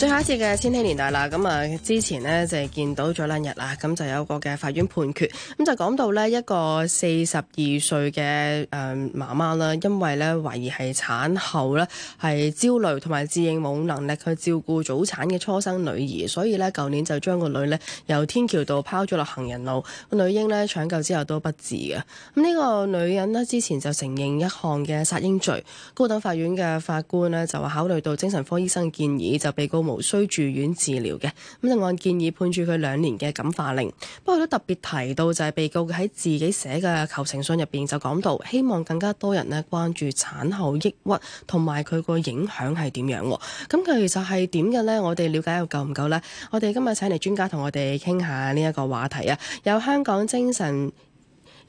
最後一次嘅千禧年代啦，咁啊之前呢，就係見到咗兩日啦，咁就有個嘅法院判決，咁就講到呢一個四十二歲嘅誒媽媽啦，因為呢，懷疑係產後呢，係焦慮同埋自認冇能力去照顧早產嘅初生女兒，所以呢，舊年就將個女呢，由天橋度拋咗落行人路，女嬰呢，搶救之後都不治啊。咁、這、呢個女人呢，之前就承認一項嘅殺嬰罪，高等法院嘅法官呢，就話考慮到精神科醫生建議，就被告無需住院治療嘅，咁就按建議判處佢兩年嘅感化令。不過都特別提到就係被告喺自己寫嘅求情信入邊就講到，希望更加多人咧關注產後抑鬱同埋佢個影響係點樣嘅。咁其實係點嘅咧？我哋了解又夠唔夠咧？我哋今日請嚟專家同我哋傾下呢一個話題啊！有香港精神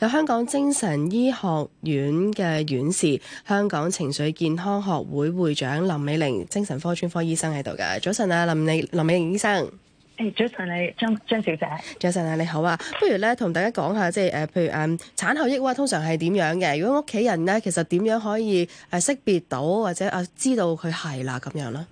有香港精神科醫學院嘅院士、香港情緒健康學會會長林美玲、精神科專科醫生喺度㗎。早晨啊，林美林美玲醫生。誒，早晨你張張小姐。早晨啊，你好啊。不如咧，同大家講下，即係誒，譬如誒產後抑鬱通常係點樣嘅？如果屋企人咧，其實點樣可以誒識別到或者啊知道佢係啦咁樣咧？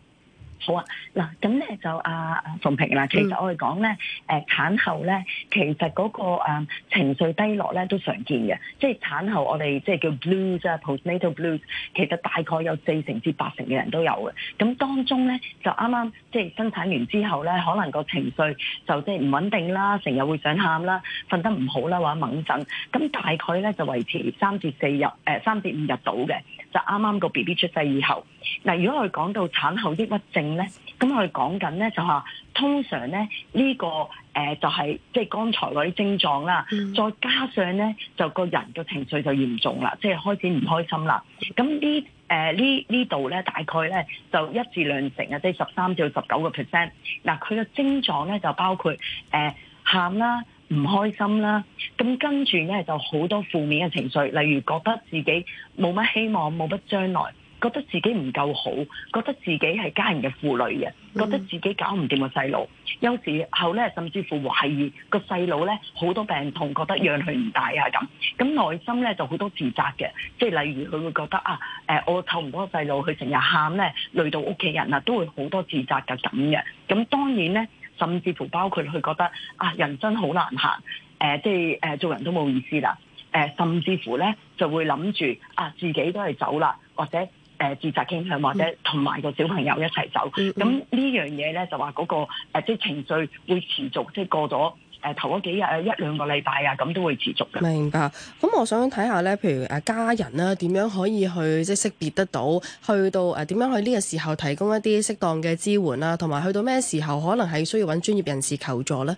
好啊，嗱、啊，咁咧就阿阿馮平啦。其實我哋講咧，誒產後咧，其實嗰、那個、嗯、情緒低落咧都常見嘅。即係產後我哋即係叫 blues、啊、postnatal blues，其實大概有四成至八成嘅人都有嘅。咁當中咧就啱啱即係生產完之後咧，可能個情緒就即係唔穩定啦，成日會想喊啦，瞓得唔好啦，或者猛震。咁大概咧就維持三至四日，誒、呃、三至五日到嘅，就啱啱個 B B 出世以後。嗱，如果我哋講到產後抑鬱症，咧、嗯，咁我哋講緊咧就話，通常咧呢個誒就係即係剛才嗰啲症狀啦、嗯，再加上咧就個人嘅情緒就嚴重啦，即係開始唔開心啦。咁呢誒呢呢度咧大概咧就一至兩成啊，即係十三至十九個 percent。嗱，佢嘅症狀咧就包括誒喊啦、唔開心啦，咁跟住咧就好多負面嘅情緒，例如覺得自己冇乜希望、冇乜將來。覺得自己唔夠好，覺得自己係家人嘅負累嘅，覺得自己搞唔掂個細路，有時候咧甚至乎懷疑個細路咧好多病痛，覺得養佢唔大啊咁，咁內心咧就好多自責嘅，即係例如佢會覺得啊，誒我湊唔到個細路，佢成日喊咧，累到屋企人啊，都會好多自責嘅咁嘅。咁當然咧，甚至乎包括佢覺得啊，人生好難行、呃，即係、呃、做人都冇意思啦、呃，甚至乎咧就會諗住啊，自己都係走啦，或者，誒自責傾向或者同埋個小朋友一齊走，咁、嗯、呢、嗯、樣嘢咧就話嗰、那個即係情緒會持續，即、就、係、是、過咗誒頭嗰幾日一兩個禮拜啊，咁都會持續嘅。明白。咁我想睇下咧，譬如誒家人啦，點樣可以去即係識別得到，去到誒點樣去呢個時候提供一啲適當嘅支援啦，同埋去到咩時候可能係需要揾專業人士求助咧？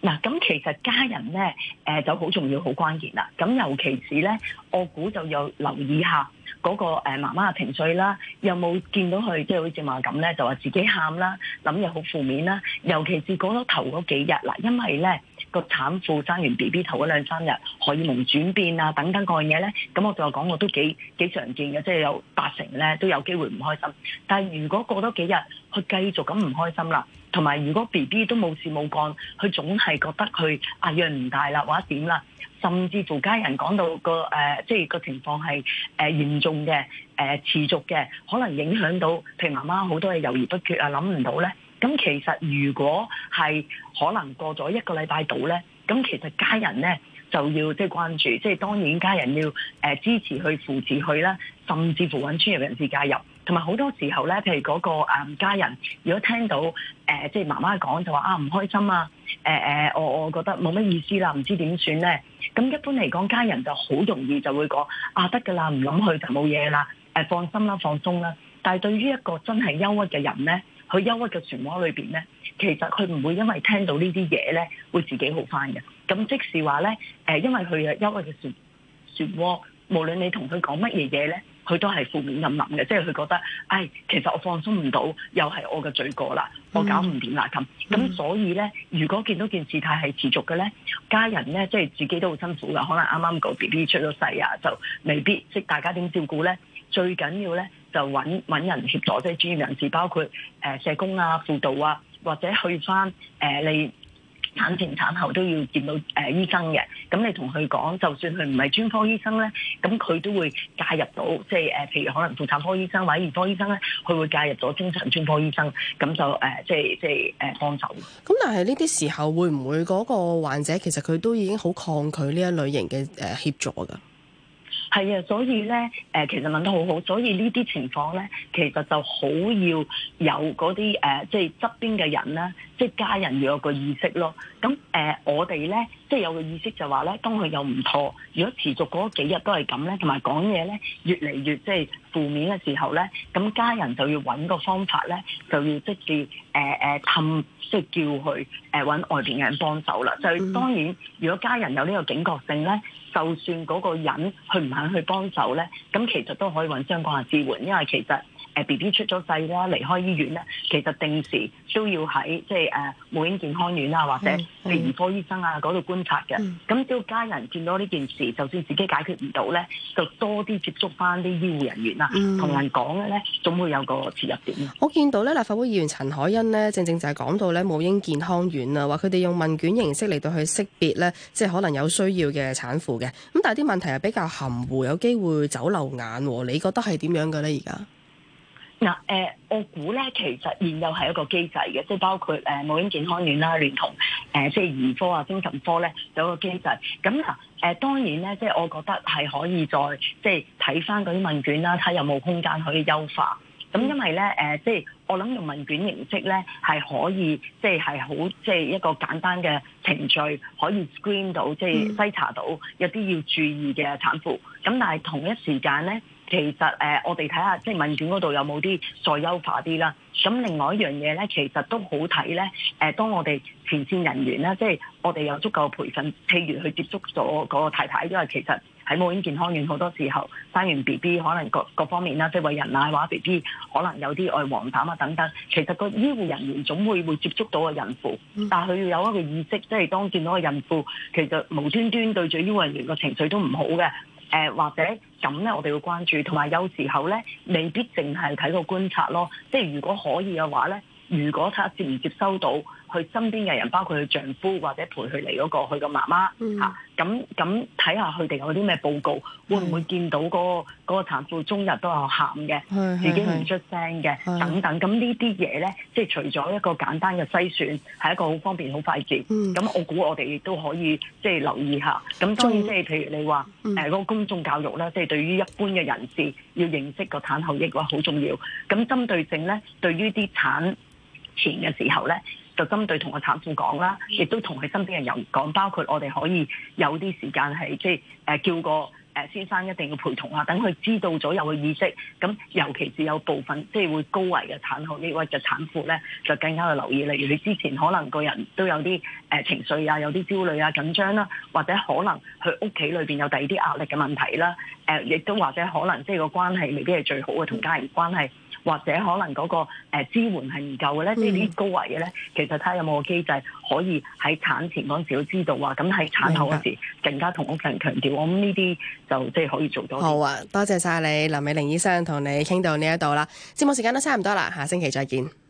嗱，咁其實家人咧誒就好重要、好關鍵啦。咁尤其是咧，我估就要留意一下。嗰、那個、呃、媽媽嘅情緒又、就是、啦，有冇見到佢即係好似話咁咧，就話自己喊啦，諗嘢好負面啦，尤其是過多頭嗰幾日啦，因為咧個產婦生完 B B 頭嗰兩三日，荷爾蒙轉變啊，等等各樣嘢咧，咁我就話講我都幾幾常見嘅，即、就、係、是、有八成咧都有機會唔開心，但係如果過多幾日佢繼續咁唔開心啦。同埋，如果 B B 都冇事冇幹，佢總係覺得佢壓力唔大啦，或者點啦，甚至乎家人講到個、呃、即係個情況係誒嚴重嘅、誒、呃、持續嘅，可能影響到譬如媽媽好多嘢猶豫不決啊，諗唔到咧。咁其實如果係可能過咗一個禮拜到咧，咁其實家人咧就要即係關注，即係當然家人要誒支持去扶持佢啦，甚至乎搵專業人士介入。同埋好多時候咧，譬如嗰個家人，如果聽到、呃、即係媽媽講就話啊唔開心啊，呃、我我覺得冇乜意思啦，唔知點算咧。咁一般嚟講，家人就好容易就會講啊得㗎啦，唔諗去就冇嘢啦，放心啦，放鬆啦。但係對於一個真係憂鬱嘅人咧，佢憂鬱嘅漩渦裏面咧，其實佢唔會因為聽到呢啲嘢咧，會自己好返嘅。咁即係話咧，因為佢係憂鬱嘅漩漩渦，無論你同佢講乜嘢嘢咧。佢都係負面咁諗嘅，即係佢覺得，唉，其實我放心唔到，又係我嘅罪過啦，我搞唔掂啊咁，咁、mm-hmm. 所以咧，如果見到件事態係持續嘅咧，家人咧，即係自己都好辛苦噶，可能啱啱個 B B 出咗世啊，就未必即係大家點照顧咧，最緊要咧就揾揾人協助，即係專業人士，包括誒、呃、社工啊、輔導啊，或者去翻誒、呃、你。產前、產後都要見到誒醫生嘅，咁你同佢講，就算佢唔係專科醫生咧，咁佢都會介入到，即係誒，譬如可能婦產科醫生或者兒科醫生咧，佢會介入咗精神專科醫生，咁就誒，即係即係誒幫手。咁但係呢啲時候會唔會嗰個患者其實佢都已經好抗拒呢一類型嘅誒協助㗎？係啊，所以咧誒，其實問得好好，所以呢啲情況咧，其實就好要有嗰啲誒，即係側邊嘅人啦。即係家人要有個意識咯，咁誒、呃、我哋咧即係有個意識就話咧，當佢有唔妥，如果持續嗰幾日都係咁咧，同埋講嘢咧越嚟越即係、就是、負面嘅時候咧，咁家人就要揾個方法咧，就要即係誒誒氹，即、呃、係叫佢誒揾外邊嘅人幫手啦。就係、是、當然，如果家人有呢個警覺性咧，就算嗰個人去唔肯去幫手咧，咁其實都可以揾相關嘅支援，因為其實。誒 B B 出咗世啦，離開醫院咧，其實定時都要喺即係誒母嬰健康院啊，或者嘅兒科醫生啊嗰度觀察嘅。咁、嗯嗯、只要家人見到呢件事，就算自己解決唔到咧，就多啲接觸翻啲醫護人員啦，同、嗯、人講咧，總會有個切入點。我見到咧，立法會議員陳凱欣呢，正正就係講到咧母嬰健康院啊，話佢哋用問卷形式嚟到去識別咧，即係可能有需要嘅產婦嘅。咁但係啲問題係比較含糊，有機會走漏眼。你覺得係點樣嘅咧？而家？嗱，誒，我估咧，其實現有係一個機制嘅，即係包括誒、呃、母嬰健康院啦，聯同誒、呃、即係兒科啊、精神科咧，都有一個機制。咁嗱，誒、呃、當然咧，即係我覺得係可以再即係睇翻嗰啲問卷啦，睇有冇空間可以優化。咁因為咧，誒、呃、即係我諗用問卷形式咧，係可以即係係好即係一個簡單嘅程序，可以 screen 到即係篩查到有啲要注意嘅產婦。咁但係同一時間咧。誒，其實我哋睇下即係問卷嗰度有冇啲再優化啲啦。咁另外一樣嘢咧，其實都好睇咧。誒，當我哋前線人員呢，即係我哋有足夠嘅培訓，譬如去接觸咗個太太，因為其實喺母嬰健康院好多時候生完 B B，可能各各方面啦，即係餵人奶話 B B 可能有啲愛黃疸啊等等。其實個醫護人員總會會接觸到個孕婦，但佢要有一個意識，即係當見到個孕婦，其實無端端對住醫護人員個情緒都唔好嘅。誒或者咁咧，我哋要關注，同埋有時候咧，未必淨係睇個觀察咯。即係如果可以嘅話咧，如果睇下接唔接收到？佢身邊嘅人，包括佢丈夫或者陪佢嚟嗰個佢嘅媽媽嚇，咁咁睇下佢哋有啲咩報告，會唔會見到嗰、那個嗰、那個產婦終日都有喊嘅，自己唔出聲嘅等等，咁呢啲嘢咧，即、就是、除咗一個簡單嘅篩選，係一個好方便好快捷。咁、嗯、我估我哋亦都可以即係、就是、留意下。咁當然即係譬如你話嗰、嗯呃那個公眾教育啦，即、就、係、是、對於一般嘅人士要認識個產後抑鬱好重要。咁針對性咧，對於啲產前嘅時候咧。就針對同個產婦講啦，亦都同佢身邊嘅人講，包括我哋可以有啲時間係即係叫個先生一定要陪同啊，等佢知道咗有個意識。咁尤其是有部分即係會高危嘅產後抑鬱嘅產婦咧、這個，就更加去留意。例如你之前可能個人都有啲情緒啊，有啲焦慮啊、緊張啦，或者可能佢屋企裏邊有第二啲壓力嘅問題啦。亦都或者可能即係個關係未必係最好嘅同家人關係。或者可能嗰個，呃，支援係唔夠嘅咧，呢，嗯，啲高危嘅咧，其實睇下有冇個機制可以喺產前嗰陣時要知道啊，咁喺產後嗰時更加同屋企人強調，我諗呢啲就即係可以做到。好啊，多謝晒你，林美玲醫生同你傾到呢一度啦，節目時間都差唔多啦，下星期再見。